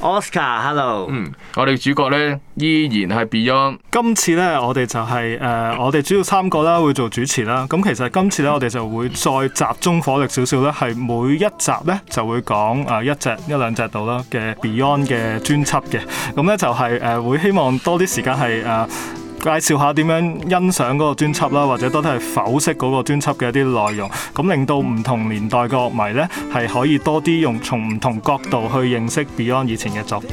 Oscar，hello。Oscar, Hello. 嗯，我哋主角咧依然係 Beyond。今次咧，我哋就係、是、誒、呃，我哋主要三個啦，會做主持啦。咁其實今次咧，我哋就會再集中火力少少咧，係每一集咧就會講誒、呃、一隻一兩隻度啦嘅 Beyond 嘅專輯嘅。咁咧就係、是、誒、呃，會希望多啲時間係誒。呃介紹下點樣欣賞嗰個專輯啦，或者都係剖析嗰個專輯嘅一啲內容，咁令到唔同年代嘅樂迷呢，係可以多啲用從唔同角度去認識 Beyond 以前嘅作品。